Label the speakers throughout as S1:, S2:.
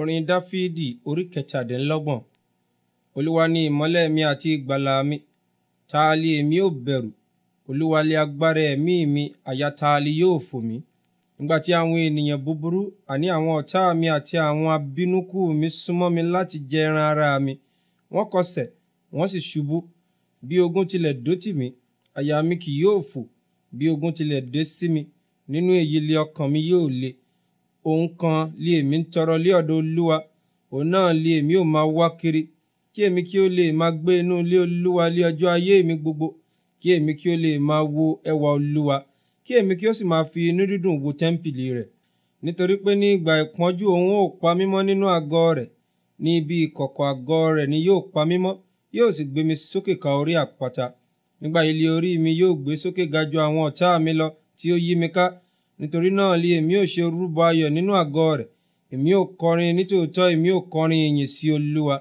S1: orin dáfídì orí kẹtàdínlọ́gbọ̀n olúwa ni ìmọ́lẹ̀ mi àti ìgbàlà mi ta li èmi ò bẹ̀rù olúwa li agbára ẹ̀mí mi àyà ta li yóò fò mí nígbà tí àwọn ènìyàn búburú àní àwọn ọ̀tá mi àti àwọn abínúkù mi súnmọ́ mi láti jẹ ẹran ara mi wọ́n kọsẹ̀ wọ́n sì ṣubú bí ogun tilẹ̀ dó tì mí àyà mi kì yóò fò bí ogun tilẹ̀ dé sí mi nínú èyí li ọkàn mi yóò le òun kan lé èmi ń tọrọ lé ọ̀dọ̀ olúwa òun náà lé èmi ò máa wá kiri kí èmi kí ó lè máa gbé inú ilé olúwa lé ọjọ́ ayé mi gbogbo kí èmi kí ó lè máa wo ẹwà olúwa kí èmi kí ó sì máa fi inú dídùn wo tẹ́ḿpìlì rẹ̀ nítorí pé ní ìgbà ìpọ́njú òun ó pa mí nínú àgọ́ rẹ̀ ní ibi ìkọ̀kọ̀ àgọ́ rẹ̀ ni yóò pa mí mọ́ yóò sì gbé mi sókè ka orí àpáta nígbà yìí lé orí mi yóò gbé sókè ga àwọn ọ̀tá mi lọ tí ó yí mi ká nítorí náà lé èmi ò ṣe orúbọ ayọ̀ nínú àgọ́ rẹ̀ èmi ò kọrin nítòótọ́ èmi ò kọrin ìyìn sí olúwa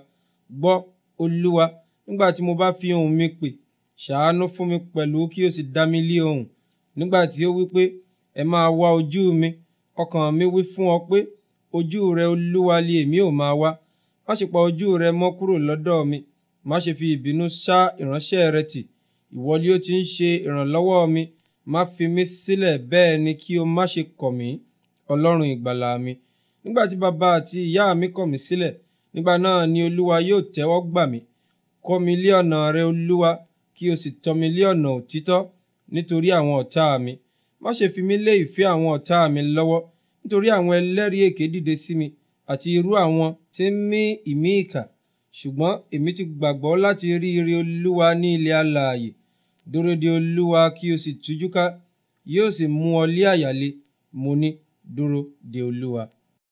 S1: gbọ́ olúwa nígbà tí mo bá fi ohùn mi pè ṣàánú fún mi pẹ̀lú kí o sì dá mi lé ohùn nígbà tí ó wí pé ẹ máa wá ojú mi ọkàn mi wí fún ọ pé ojú rẹ olúwa lé èmi ò máa wá má ṣe pa ojú rẹ mọ́ kúrò lọ́dọ̀ mi má ṣe fi ìbínú sá ìránṣẹ́ rẹ tì ìwọ ó ti ń ṣe ìrànlọ́wọ́ mi má fi mí sílẹ̀ bẹ́ẹ̀ ni kí o má ṣe kọ̀ mí ọlọ́run ìgbàlà mi nígbà tí bàbá àti ìyá mi kọ̀ mí sílẹ̀ nígbà náà ni olúwa yóò tẹ́wọ́ gbà mí kọ́ mi lé ọ̀nà rẹ olúwa kí o sì tọ́ mi lé ọ̀nà òtítọ́ nítorí àwọn ọ̀tá mi má ṣe fi mí lé ìfẹ́ àwọn ọ̀tá mi lọ́wọ́ nítorí àwọn ẹlẹ́rìí èké dìde sí mi àti irú àwọn tí ń mí ìmí ìkà ṣùgbọ́n èmi ti gbàgbọ́ láti rí ire olúwa ní ilẹ̀ alààyè dúró de olúwa kí o sì tújúká yóò sì mú ọ lé àyà mo ní dúró de olúwa.